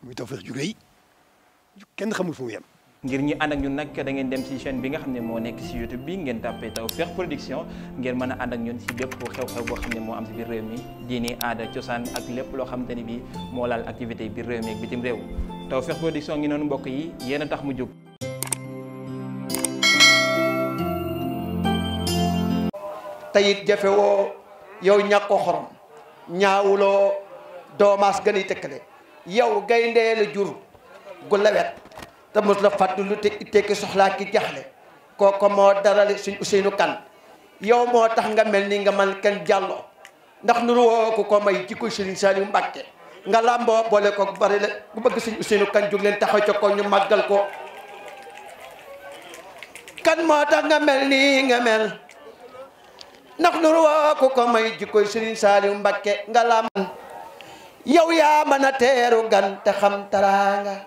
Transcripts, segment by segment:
muy Tawfekh ju rëy kenn xamul foofu mu yem. ngir ñi ànd ak ñun nag da ngeen dem ci chaîne bi nga xam ne moo nekk ci YouTube bi ngeen tàppee Tawfekh Production ngeen mën a ànd ak ñun ci bépp xew-xew boo xam ne moo am ci biir réew mi diini aada cosaan ak lépp loo xamante ni bi moo laal activité biir réew mi ak bitim réew Tawfekh Production ngi noonu mbokk yi yéen a tax mu jóg. tey it jafe woo yow ñàkk ko xorom ñaawuloo doomaas gën a yow gayndee la jur gu lawet te mos la fàttulu te tekki soxlaa ki jaxle kooko moo darale suñ Ousseynou Kane yow moo tax nga mel ni nga man kenn jàlloo ndax nuru woo ko ko may nga làmboo boole bari la ku bëgg suñ Ousseynou Kane jóg leen taxaw ñu màggal ko kan moo tax nga mel ni nga mel ndax nuru woo ko ko may jikko Serigne Saliou Mbacké nga làmb yow yaa mën a teeru gan te xam taraanga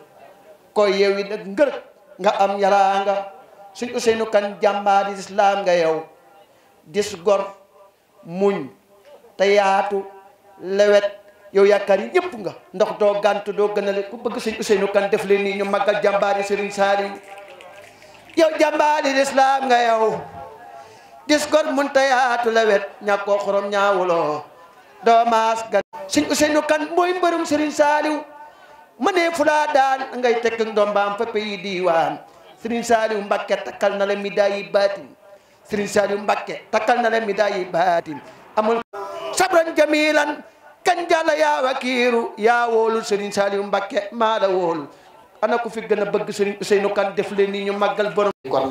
koy yow yi nag ngër nga am yaraanga suñ Ousseynou Kane jàmbaari lislaam nga yow dis gor muñ te yaatu lewet yow yaakaar yi ñëpp nga ndox doo gànt doo gënale ku bëgg suñ Ousseynou Kane def leen nii ñu màggal jàmbaari Serigne Saliou yow jàmbaari lislaam nga yow dis gor muñ te yaatu lewet ñàkkoo xorom ñaawuloo doo maas gan sëñ Ousseynou Kane mooy mbërum Serigne Saliou ma ne fu laa daan ngay tekk ndombaam fa pays diwaan Serigne Saliou Mbacké takkal na la médaille yi baatin Serigne Saliou takkal na la médaille yi baatin amul sabran jamilan kan jàlla yaa wakiiru yaa wóolu Serigne Saliou Mbacké maa la wóolu ana ku fi gën a bëgg Serigne Ousseynou Kane def leen nii ñu màggal borom kon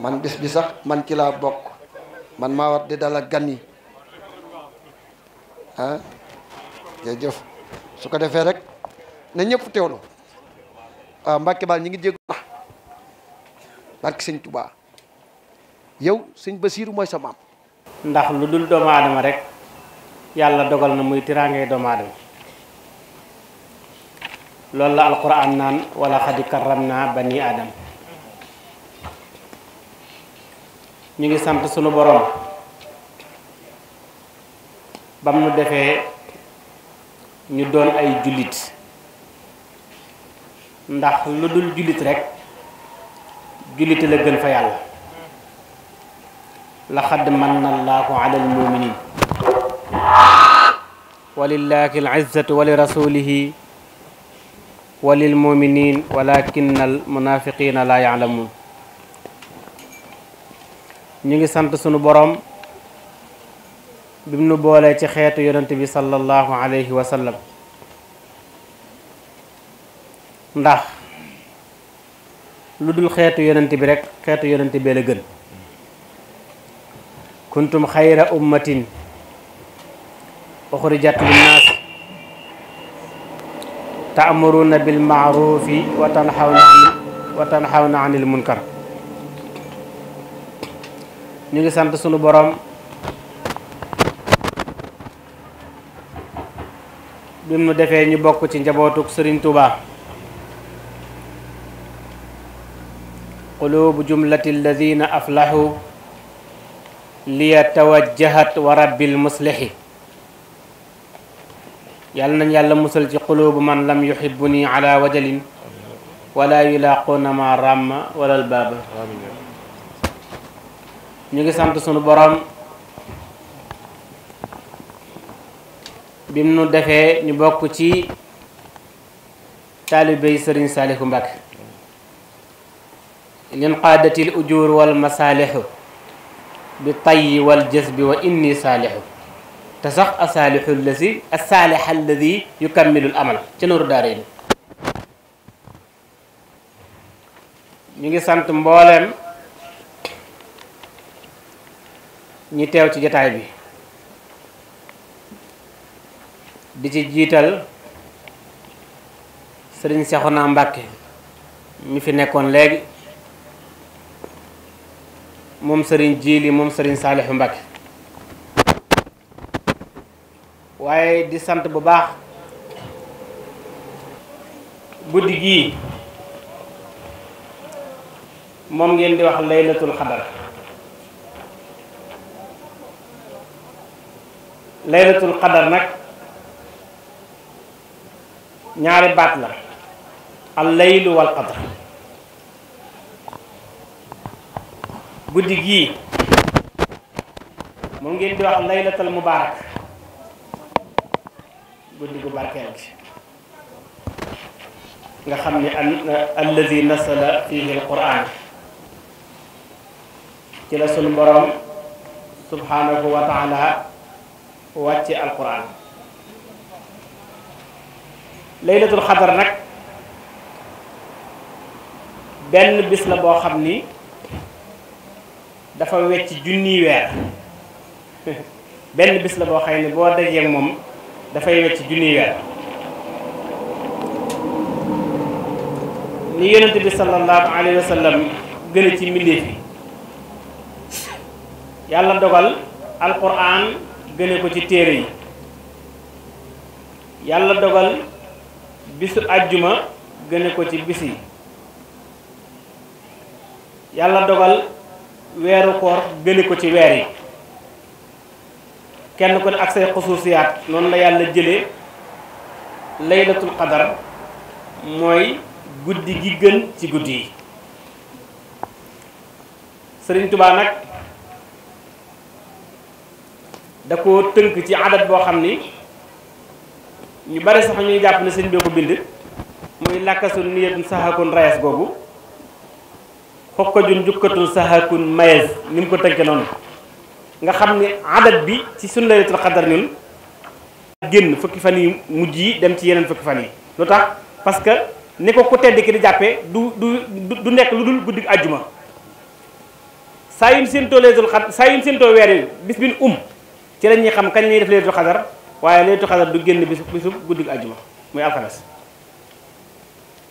man bis bisa man ci bokk man maa war di dala gan ah su ko defee rek na ñëpp teewlu waaw ah, Mbàkke baal ñi ngi jéggu na barke sëñ Tuubaa yow sëñ Basiiru mooy sa maam ndax lu dul doomu aadama rek yàlla dogal na muy tiraangee doomu aadama loolu la alquran naan wala xadi karram naa bani aadam ñu ngi sant sunu borom bam nu defee ñu doon ay jullit ndax lu dul jullit rekk jullit la gën fa yàlla laqad manna allaahu ala almuminin walillahi alizzatu wa li rasulihi wa lilmuminin walakin almunafiqina la yaalamuun ñu ngi sant sunu boroom bi mu nu boolee ci xeetu yonent bi sallallahu alayhi wa sallam ndax lu dul xeetu yonent bi rekk xeetu yonent bee la gën kuntum xayra ummatin uxrijat linnaas taamuruuna bilmaarufi wa tanxawna wa tanxawna anil munkar ñu ngi sant sunu boroom bi mu defee ñu bokk ci njabootuk Sëriñ Tuuba qulubu jumlati alladina aflahu liyatawajjahat wa rabbil muslihi yàlla nañ yàlla musal ci qulubu man lam yuhibbu ni ala wajalin wala yulaaquuna ma ràmma wala albaaba ñu ngi sant sunu borom bim nu defee ñu bokk ci taalibey sëriñ saalihu mbàkke linqaadatil ujur wal masaalihu bi tayyi wal bi wa inni saalihu te sax asaalihu alladi asaalih alladi yukammilul amal ci nooru daara yi ñu ngi sant mbooleem ñu teew ci jataay bi di ci jiital sëriñ sexu naa Mbàkke ñu fi nekkoon léegi moom sëriñ Jiili moom sëriñ Saalixu Mbàkke waaye di sant bu baax guddi gii moom ngeen di wax laylatul xadar laylatul xadar nag ñaari baat la al laylu wal guddi gii mu ngeen di wax laylatal mubaarak guddi gu barkeel gi nga xam ni alladi nasala fihi alquran ci la sunu borom subhanahu wa taala wàcce alquran laylatul xadar nag benn bis la boo xam ni dafa wecc junniy weer benn bis la boo xam ne boo dajee moom dafay wecc junniy weer ni yonent bi sallallahu alayhi wa gën a ci mbindéef yi yàlla dogal alquran gëne ko ci téere yi yàlla dogal bisu àjjuma gëne ko ci bis yi yàlla dogal weeru koor gëne ko ci weer yi kenn ku ne ak say xusuusiyaat noonu la yàlla jële laylatul qadar mooy guddi gi gën ci guddi yi sëriñ tubaa nag da ko tënk ci adat boo xam ni ñu bari sax ñuy jàpp ne sëñ bi ko bind muy làkkasun niyatun saxakun rayas googu xokkajun jukkatun saxakun mayes ni mu ko tënke noonu nga xam ne adat bi ci sunu laylatul xadar ñun génn fukki fan yi mujj yi dem ci yeneen fukki fan yi lu tax parce que ni ko ku tedd ki di jàppee du du du nekk lu dul guddi àjjuma saa yu ñu séentoo laylatul xadar saa yu ñu séentoo weer yi bis bi ñu um ci la xam kañ lañuy def laylatul xadar waaye laytu xadar du génn bisu bisu guddig ajjuma muy alxames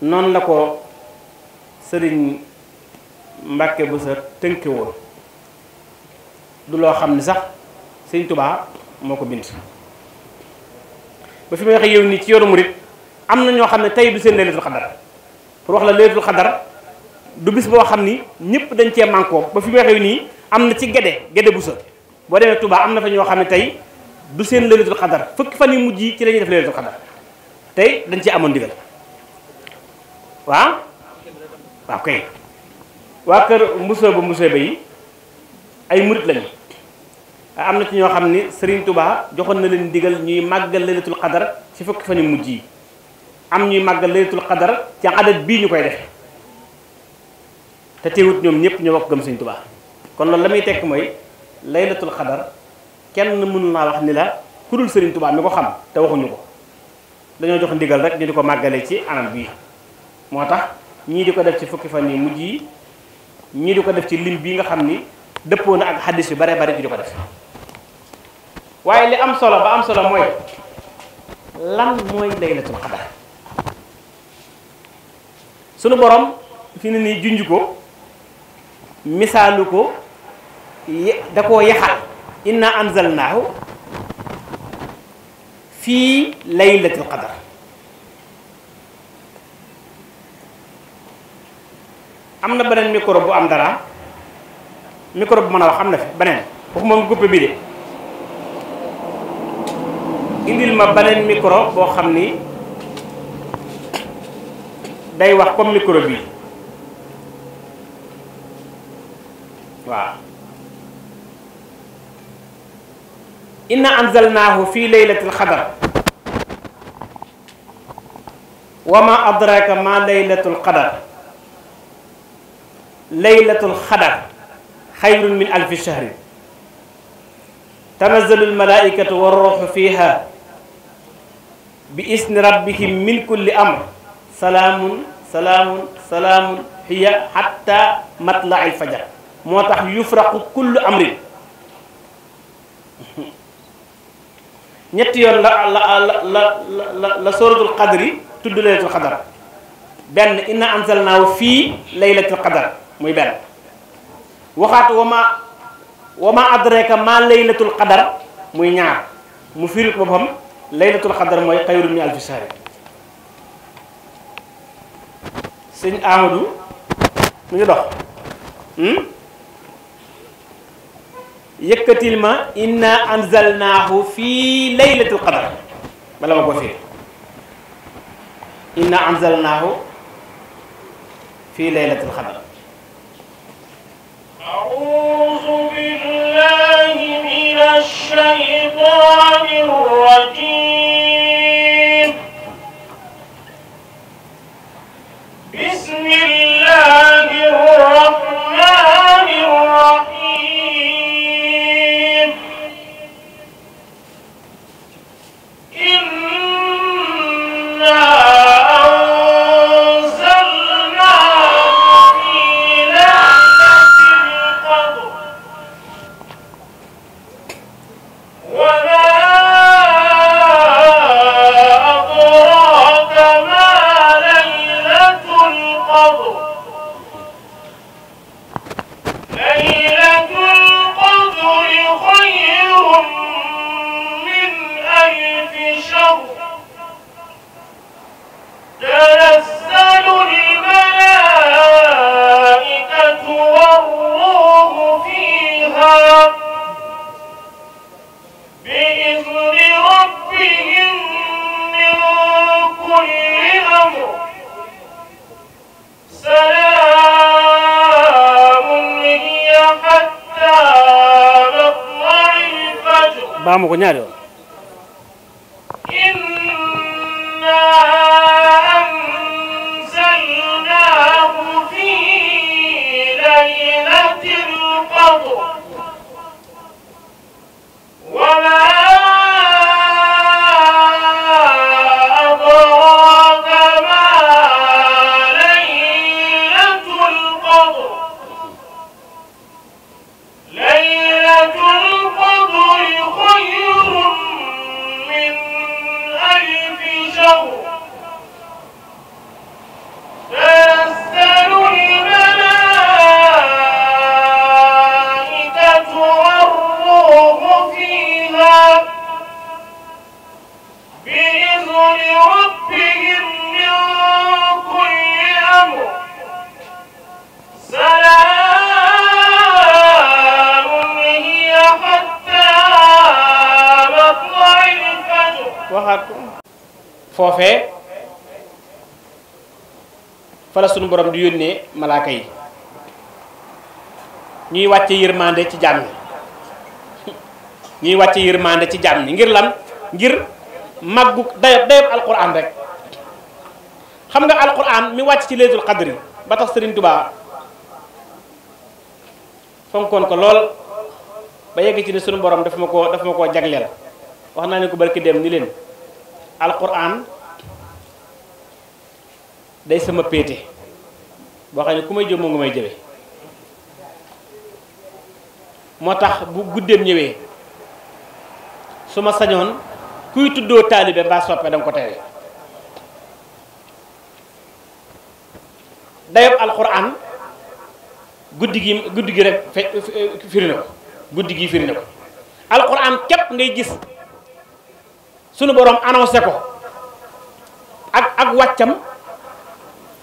noonu la ko sëriñ Mbàkke bu sa tënke woon du loo xam ne sax sëñ Tubaa moo ko bind ba fi may waxee yow nii ci yoonu murit am na ñoo xam ne tey du seen laylatul xadar pour wax la laylatul xadar du bis boo xam ni ñëpp dañ cee mànkoo ba fi may waxee nii am na ci gede gede bu sa boo demee tubaa am na fa ñoo xam ne tey du seen lëleetul xadar fukki fan yu mujj yi ci la def lëleetul xadar tey dañ ci amoon digal waaw waaw kay waa kër mbusoo ba mbusoo ba yi ay murit lañu am na ci ñoo xam ni sëriñ Touba joxoon na leen digal ñuy màggal lëleetul xadar ci fukki fan yu mujj yi am ñuy màggal lëleetul xadar ca adat bii ñu koy def te teewut ñoom ñëpp ñoo bokk gëm Serigne Touba kon loolu la muy tekk mooy laylatul xadar kenn mënu naa wax ni la ku dul Serigne Touba mi ko xam te waxuñu ko dañoo jox ndigal rek ñu di ko màggale ci anam bii moo tax ñii di ko def ci fukki fan yi mujj yi ñii di ko def ci lim bii nga xam ni dëppoo na ak xaddis yu bare bare di ko def waaye li am solo ba am solo mooy lan mooy laylatul xadar sunu borom fi ne nii junj ko misaalu ko da koo yaxal inna anzalnaahu fii laylatul qadar am na beneen micro bu am dara micro bu mën a wax am na fi beneen waxuma nga guppe bi de indil ma beneen micro boo xam ni day wax comme micro bi waaw inna anzalnaahu fi laylatil qadar wa ma adraka ma laylatul qadar laylatul qadar xayrun min alfi shahrin tanazzalu almalaikatu warruuhu fiha bi isni rabbihim min kulli amr salaamun salaamun salaamun hiya hatta matla alfajar moo tax yufraqu kullu amrin ñetti yoon la la la la la la sóoratul qadr yi tudd laylatul qadar benn inna anzalnaahu fii laylatul qadar muy benn waxaat wa ma wa ma adraka ma laylatul qadar muy ñaar mu firi boppam laylatul qadar mooy xayru min alfi sahri sëñ Amadou mu ngi dox hmm? yëkkatil ma inna anzalnaahu fii laylatul qadar bala ma ko firi inna anzalnaahu fii laylatul qadar أعوذ بالله من الشيطان الرجيم baamu ko ñaari yoon sunu borom di yónnee malaaka yi ñuy wàcce yërmande ci jàmm ñuy wàcce yërmande ci jàmm ngir lan ngir màggu dayab dayab alquran rek xam nga alquran mi wàcc ci leetul xadri ba tax Serigne Touba fonkoon ko lool ba yegg ci ne sunu borom daf ma ko daf ma koo jagleel wax naa ne ko barki dem ni leen alquran day sama péete boo xam ne ku may jëw moo nga may jëwee moo tax bu guddeem ñëwee su ma sañoon kuy tuddoo taalibe ba soppe danga ko teewee dayob alxuraan guddi gi guddi gi rek firi na ko guddi gi firi ko alxuraan képp ngay gis sunu boroom annoncé ko ak ak wàccam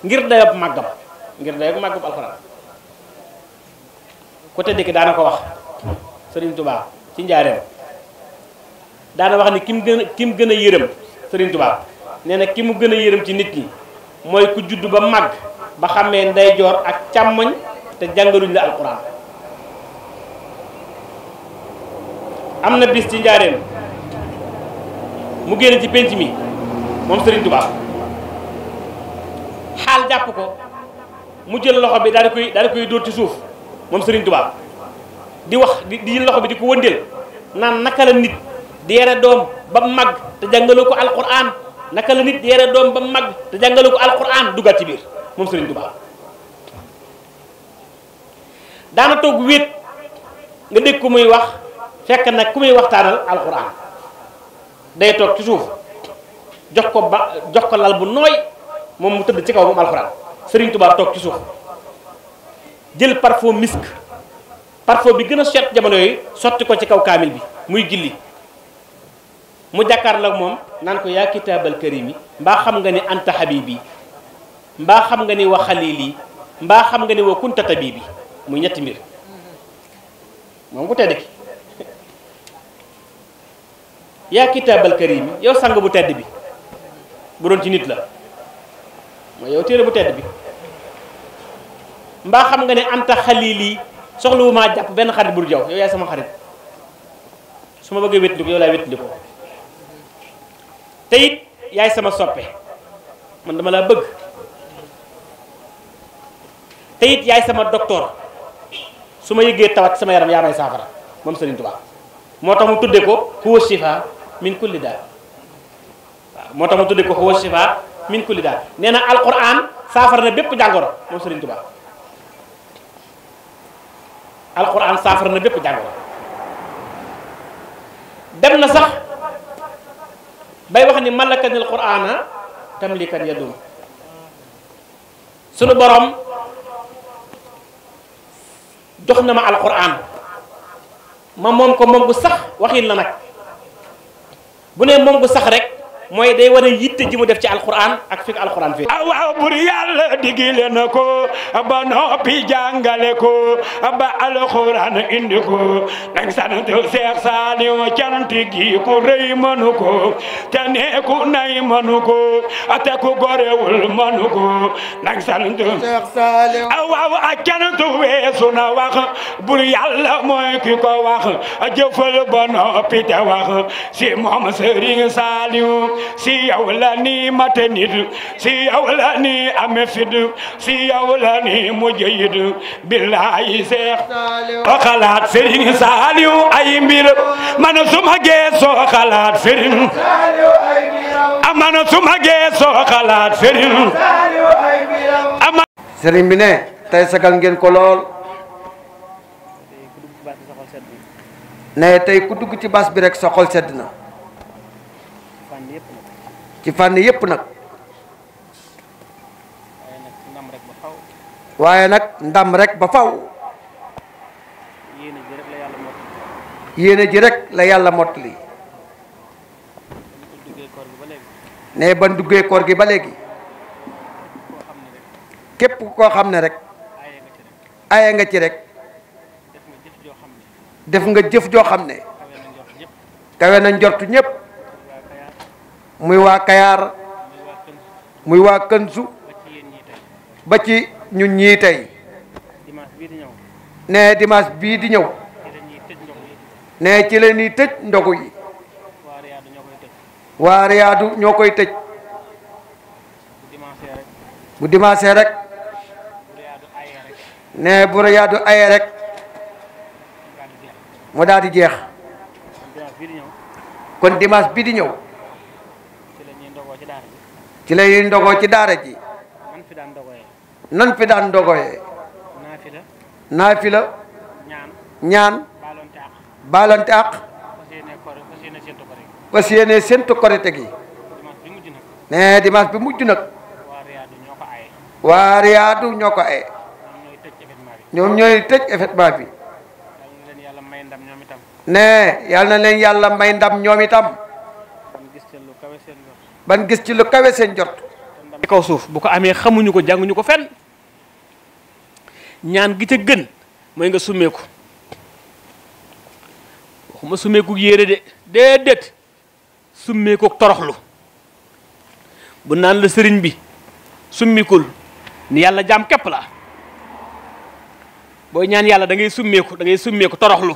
ngir dayob màggam ngir day màggub alxuraan ku tedd ki daana ko wax sëriñ tubaa ci njaareem daana wax ni ki mu gën a ki mu gën a yërëm sëriñ tubaa nee na ki mu gën a yërëm ci nit ñi mooy ku judd ba màgg ba xamee ndeyjoor ak càmmoñ te jàngaluñ la alxuraan am na bis ci njaareem mu génn ci penc mi moom sëriñ tubaa xaal jàpp ko mu jël loxo bi daal di koy daal ci suuf moom Serigne Touba di wax di jël loxo bi di ko wëndeel naan naka la nit di yare doom ba mag te jàngale ko alquran naka la nit di yare doom ba jàngale ko alquran duggaat ci biir moom Serigne Touba. daana toog wéet nga dégg ku muy wax fekk nag ku muy waxtaanal alquran day toog ci suuf jox ko ba jox ko lal bu nooy moom mu tëdd ci kaw moom alquran. Serigne Touba toog ci suuf jël parfo misk parfum bi gën a set jamono yooyu sotti ko ci kaw kaamil bi muy gilli mu jàkkaar la moom naan ko yaa kitaabal karimi mbaa xam nga ni anta habibi mbaa xam nga ni wa xalili mbaa xam nga ni wa kunta tabibi muy ñetti mbir moom bu tedd ki yaa kitaabal karimi yow sang bu tedd bi bu doon ci nit la mooy yow téere bu tedd bi mbaa xam nga ne anta xalil yi soxla maa jàpp benn xarit bur jaw yow yaay sama xarit su ma bëggee wétandi ko yow laay wétandi ko te yaay sama soppe man dama laa bëgg te it yaay sama docteur su ma yëgee tawat sama yaram yaa may saafara moom Sëriñ Tuubaa moo tax mu tuddee ko huwa shifa min kulli daal moo tax mu tudde ko huwa shifa min kulli daal nee na alquran saafara na bépp jàngoro moom Sëriñ Tuubaa alxuraan saafara na bépp jàngoro dem na sax bay wax ni malakanil quraana tamlikan yadum sunu borom jox na ma alxuraan ma moom ko moom gu sax waxin la nag bu ne moom gu sax rek mooy day war yitte ji mu def ci alquran ak fi alquran fi waaw bur yàlla digile na ko ba noppi jàngale ko ba alquran indi ko nag sant Seex Saaliw cant gi ku rëy mënu ko te ne ku nay mënu ko te ku gorewul mënu ko nag sant Seex a cant weesu na wax bur yàlla mooy ki ko wax jëfal ba noppi te wax si moom Sëriñ Saaliw si yow la nii mate nit si yow la nii ame fit si yow la nii mujj yit billaahi seex o xalaat sëriñ saaliw ay mbir man suma geesoo xalaat sëriñ amana suma geesoo xalaat sëriñ sëriñ bi ne tey sagal ngeen ko lool ne tey ku dugg ci bas bi rek sa xol ci fànn yépp nag waaye nag ndam rek ba faw yéene ji rek la yàlla mottali ne ban duggee koor gi ba léegi képp koo xam ne rek aye nga ci rekk def nga jëf joo xam ne kawe na njortu ñépp muy waa Kayaar muy waa Kënsu ba ci ñun ñii tey ne dimanche bii di ñëw ne ci la tëj ndogu yi waa Riyaadu ñoo koy tëj bu dimanche rek ne bu Riyaadu ayee rek mu daal di jeex kon dimanche bii di ñëw. ci la ñuy ndogoo ci daara ji nan fi daan dogoyee nan fi ñaan ñaan baalante àq fas yéene séntu korite gi ne dimanche bi mujj nag waa riyaadu ñoo ñoom ñooy tëj événement bi ne yàlla na leen yàlla may ndam ñoom itam ban gis ci lu kawe seen jot ci kaw suuf bu ko amee xamuñu ko jànguñu ko fenn ñaan gi ca gën mooy nga summeeku waxuma summeeku yére de déedéet summeeku toroxlu bu naan la sëriñ bi summikul ni yàlla jaam képp la booy ñaan yàlla da ngay summeeku da ngay summeeku toroxlu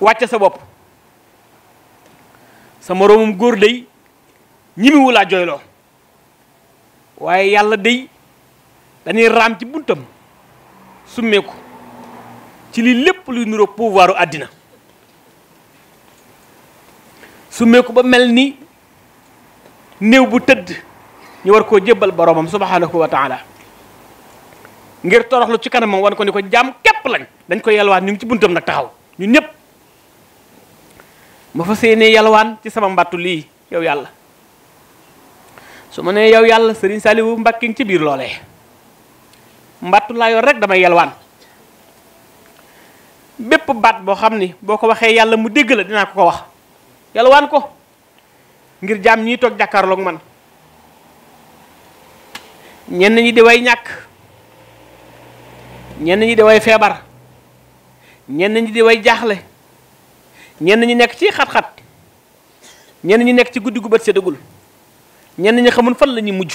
wàcce sa bopp sa moroomum góor day ñimiwu laa jooyloo waaye yàlla dey dañuy raam ci buntam summeeku ci li lépp luy nuroo pouvoiru àddina summeeku ba mel ni néew bu tëdd ñu war koo jébbal boroomam subhanahu wa taala ngir toroxlu ci kanamam wan ko ni ko jaam képp lañ dañ ko yalwaan ñu ngi ci buntam nag taxaw ñun ñëpp ma fa séenee yalwaan ci sama mbattu lii yow yàlla su ma nee yow yàlla sëriñ Saliou Mbacke ci biir loolee mbattu laa yor rek damay yelwaan bépp baat boo xam ni boo ko waxee yàlla mu dégg la dinaa ko ko wax yelwaan ko ngir jaam ñii toog jàkkaarloog man ñenn ñi di ñàkk ñenn ñi di feebar ñenn ñi di way jaaxle ñenn ñi nekk ci xat-xat ñenn ñi nekk ci guddi gu bët seddagul ñenn ñi xamul fan la ñuy mujj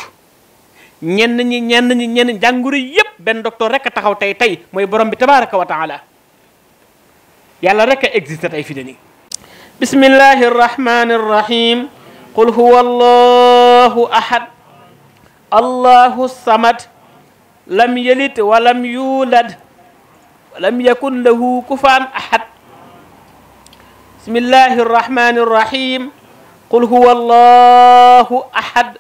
ñenn ñi ñenn ñi ñenn jàngoro yépp benn docteur rek taxaw tey tey mooy borom bi tabaraka wa taala yàlla rek a existé tey fi de nii bismillahi arrahmani arrahim qul huwa allahu ahad allahu samad lam yalid wa yulad wa lam yakun kufaan ahad bismillahi qul huwa allahu ahad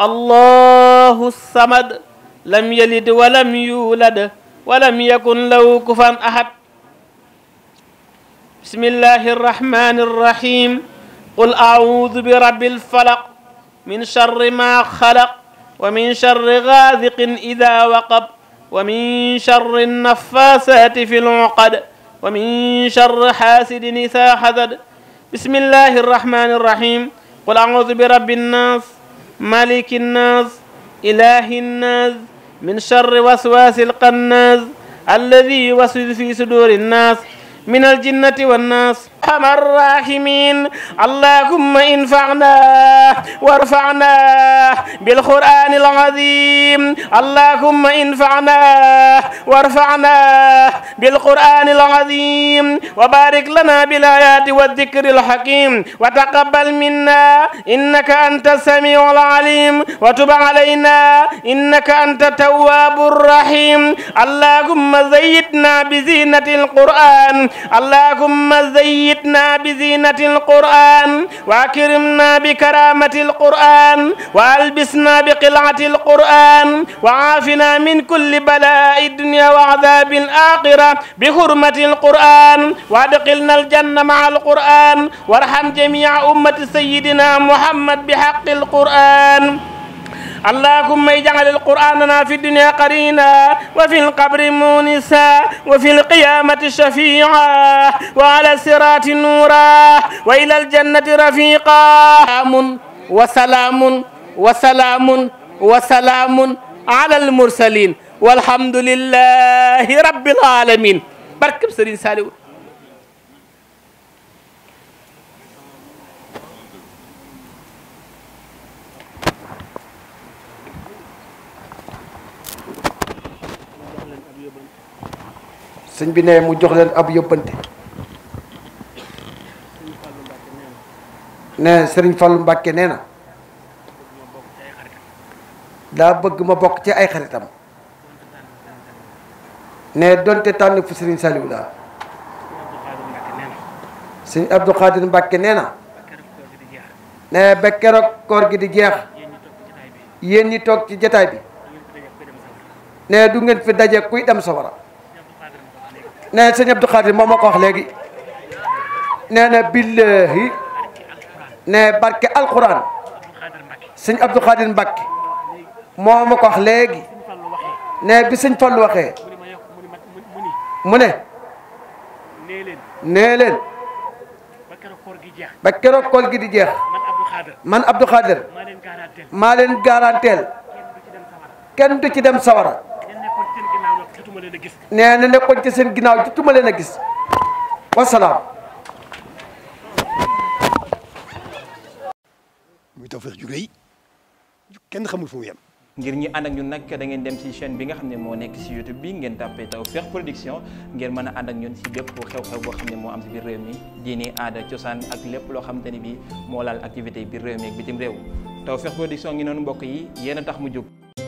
allahu samad lam yalid walam yulad walam yakun lahu kufan ahad bismillahi arrahmani arrahim qul audu bi rabbil falaq min charri ma xalaq wa min charri gaadiqin ida waqab wa min charri nafasati fi luqad wa min charri xaasidin ida xasad بسم الله الرحمن الرحيم قل أعوذ برب الناس مالك الناس إله الناس من شر وسواس القناس الذي يوسوس في صدور الناس من الجنة والناس أرحم الراحمين اللهم انفعنا وارفعنا بالقرآن العظيم اللهم انفعنا وارفعنا بالقرآن العظيم وبارك لنا بالآيات والذكر الحكيم وتقبل منا إنك أنت السميع العليم وتب علينا إنك أنت التواب الرحيم اللهم زيتنا بزينة القرآن اللهم زيتنا جئتنا بزينة القرآن وأكرمنا بكرامة القرآن وألبسنا بقلعة القرآن وعافنا من كل بلاء الدنيا وعذاب الآخرة بحرمة القرآن وأدخلنا الجنة مع القرآن وارحم جميع أمة سيدنا محمد بحق القرآن اللهم اجعل القرآن لنا في الدنيا قرينا وفي القبر مونسا وفي القيامة شفيعا وعلى الصراط نورا وإلى الجنة رفيقا سلام وسلام وسلام وسلام على المرسلين والحمد لله رب العالمين بركب سرين سالي sëñ bi ne mu jox leen ab yóbbante ne sëriñ Fallou Mbacke nee na daa bëgg ma bokk ci ay xaritam ne donte tànn fu sëriñ Saliou laa sëñ Abdou Khadir Mbacke nee na ne ba keroog koor gi di jeex yéen ñi toog ci jataay bi ne du ngeen fi daje kuy dem sawara nee na sëñ Abdou moo ko wax léegi nee na billahi ne barke alquran sëñ Abdou Khadir Mbacke moo ma ko wax léegi ne bi sëñ Fallu waxee mu ne nee leen ba keroog koor gi di jeex man Abdou Khadir maa leen garanteel kenn du ci dem sawara jotuma leen a gis. nee na nekkoon ci seen ginnaaw jotuma leen a gis wasalaam. muy Tawfekh ju rëy kenn xamul yem. ngir ñi ànd ak ñun nag dangeen dem ci chaîne bi nga xam ne moo nekk ci YouTube bi ngeen tàppee Tawfekh Production ngeen mën a ànd ak ñun ci bépp xew-xew boo xam ne moo am ci biir réew mi diini aada cosaan ak lépp loo xamante ni bi moo laal activité biir réew mi ak bitim réew Tawfekh Production ngi noonu mbokk yi yéen a tax mu jóg.